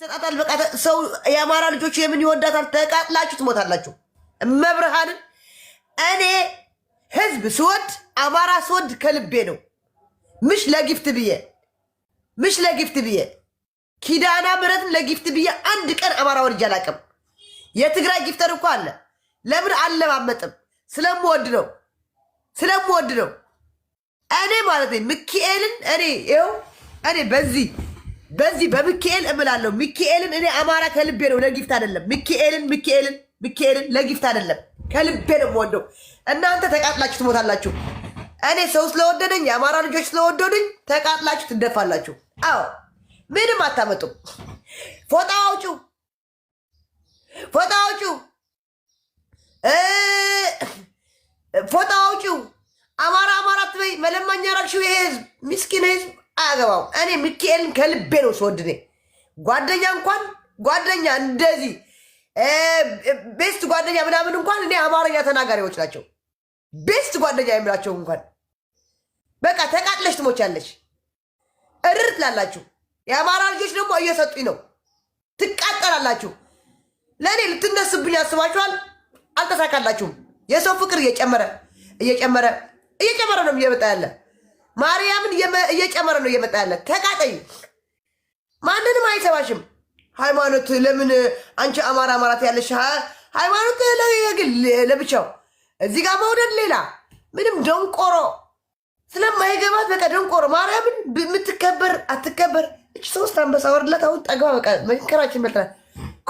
ይሰጣታል። በቃ ሰው የአማራ ልጆች የምን ይወዳታል? ተቃጥላችሁ ትሞታላችሁ። መብርሃንን እኔ ህዝብ ስወድ አማራ ስወድ ከልቤ ነው። ምሽ ለጊፍት ብዬ ምሽ ለጊፍት ብዬ ኪዳና ምረትን ለጊፍት ብዬ አንድ ቀን አማራ ወድጄ አላቅም የትግራይ ጊፍተር እኮ አለ። ለምን አለማመጥም? ስለምወድ ነው ስለምወድ ነው። እኔ ማለት ነው ሚካኤልን እኔ ይኸው እኔ በዚህ በዚህ በሚካኤል እምላለሁ። ሚካኤልን እኔ አማራ ከልቤ ነው፣ ለጊፍት አይደለም። ሚካኤልን ሚካኤልን ሚካኤልን ለጊፍት አይደለም፣ ከልቤ ነው ወደው። እናንተ ተቃጥላችሁ ትሞታላችሁ። እኔ ሰው ስለወደደኝ የአማራ ልጆች ስለወደዱኝ ተቃጥላችሁ ትደፋላችሁ። አዎ ምንም አታመጡም። ፎጣ አውጩ፣ ፎጣ አውጩ፣ ፎጣ አውጩ። አማራ አማራ ትበይ መለማኛ ራቅሽው። የህዝብ ምስኪን ህዝብ አገባው። እኔ ሚካኤልን ከልቤ ነው ስወድኔ ጓደኛ እንኳን ጓደኛ እንደዚህ ቤስት ጓደኛ ምናምን እንኳን እኔ አማርኛ ተናጋሪዎች ናቸው። ቤስት ጓደኛ የምላቸው እንኳን በቃ ተቃጥለሽ ትሞቻለሽ። እርር ትላላችሁ። የአማራ ልጆች ደግሞ እየሰጡኝ ነው። ትቃጠላላችሁ። ለእኔ ልትነሱብኝ አስባችኋል። አልተሳካላችሁም። የሰው ፍቅር እየጨመረ እየጨመረ እየጨመረ ነው እየመጣ ያለ ማርያምን እየጨመረ ነው እየመጣ ያለ። ተቃጠይ ማንንም አይሰባሽም። ሃይማኖት ለምን አንቺ አማራ አማራት ያለሽ ሃይማኖት ለግል ለብቻው፣ እዚህ ጋር መውደድ ሌላ ምንም ደንቆሮ ስለማይገባት በቃ ደንቆሮ ማርያምን የምትከበር አትከበር። እች ሶስት አንበሳ ወርድላት። አሁን ጠግባ በቃ መከራችን በልተናል።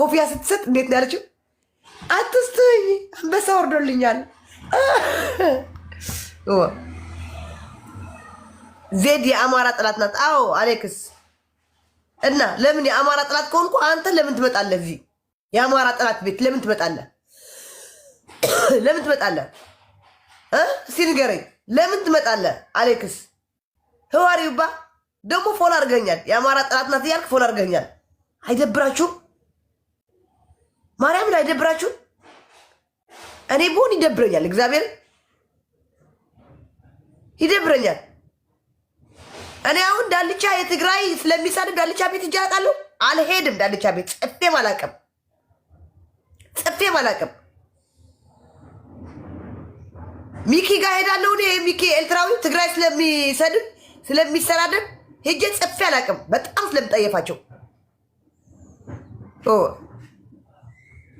ኮፍያ ስትሰጥ እንዴት ነው ያለችው? አትስትኝ አንበሳ ወርዶልኛል። ዜድ የአማራ ጠላት ናት። አዎ አሌክስ እና ለምን የአማራ ጠላት ከሆንኩ አንተ ለምን ትመጣለህ? እዚህ የአማራ ጠላት ቤት ለምን ትመጣለህ? ለምን ትመጣለህ? እስኪ ንገረኝ። ለምን ትመጣለህ? አሌክስ ህዋሪውባ ደግሞ ፎል አድርገኛል። የአማራ ጠላት ናት እያልክ ፎል አድርገኛል። አይደብራችሁም? ማርያምን አይደብራችሁም? እኔ ብሆን ይደብረኛል። እግዚአብሔር ይደብረኛል። እኔ አሁን ዳልቻ የትግራይ ስለሚሳደብ ዳልቻ ቤት ሂጅ አውቃለሁ? አልሄድም። ዳልቻ ቤት ጽፌም አላውቅም፣ ጽፌም አላውቅም። ሚኪ ጋር ሄዳለሁ እኔ ሚኪ ኤርትራዊ ትግራይ ስለሚሰድብ ስለሚሰዳደብ ሄጄ ጽፌ አላውቅም። በጣም ስለምጠየፋቸው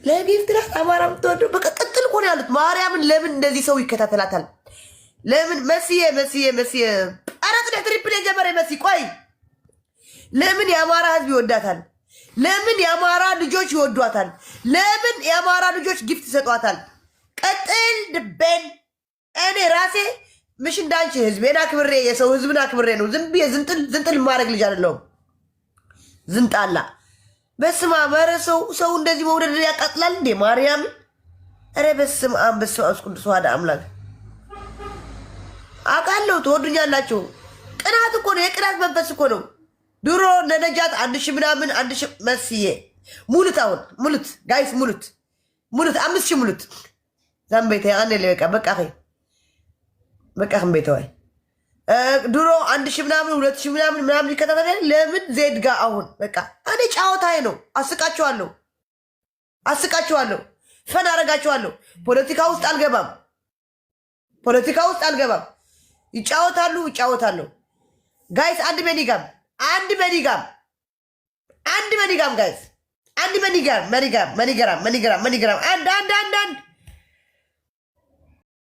ለኤርትራ አማራ ምትወደ በቀጥል እኮ ነው ያሉት። ማርያምን ለምን እንደዚህ ሰው ይከታተላታል? ለምን መስዬ መስዬ መስዬ ብለሽ ትሪፕል የጀመረ መሲ ቆይ፣ ለምን የአማራ ህዝብ ይወዳታል? ለምን የአማራ ልጆች ይወዷታል? ለምን የአማራ ልጆች ጊፍት ይሰጧታል? ቀጥል ድቤን። እኔ ራሴ ምሽ እንዳንቺ ህዝቤን አክብሬ የሰው ህዝብን አክብሬ ነው ዝም ብዬ ዝንጥል ዝንጥል ማድረግ ልጅ አይደለሁም። ዝንጣላ በስማ አብ! ሰው ሰው እንደዚህ መውደድ ያቃጥላል እንዴ ማርያምን! ኧረ በስመ አብ በስመ አብ ወወልድ ወመንፈስ ቅዱስ አሐዱ አምላክ። አውቃለሁ ትወዱኛላችሁ። ቅናት እኮ ነው። የቅናት መንፈስ እኮ ነው። ድሮ ለነጃት አንድ ሺ ምናምን አንድ ሺ መስዬ ሙሉት። አሁን ሙሉት፣ ጋይስ ሙሉት፣ ሙሉት፣ አምስት ሺ ሙሉት። ዛም ቤተ አንድ ላይ በቃ በቃ በቃ ቤተዋይ ድሮ አንድ ሺ ምናምን ሁለት ሺ ምናምን ምናምን ይከታተል። ለምን ዜድ ጋ አሁን በቃ እኔ ጫወታዬ ነው። አስቃችኋለሁ፣ አስቃችኋለሁ፣ ፈን አረጋችኋለሁ። ፖለቲካ ውስጥ አልገባም፣ ፖለቲካ ውስጥ አልገባም። ይጫወታሉ፣ ይጫወታለሁ ጋይስ አንድ መኒጋም አንድ መኒጋም አንድ መኒጋም ጋይስ አንድ መኒጋም መኒጋም መኒገራም መኒገራም መኒገራም አንድ አንድ አንድ አንድ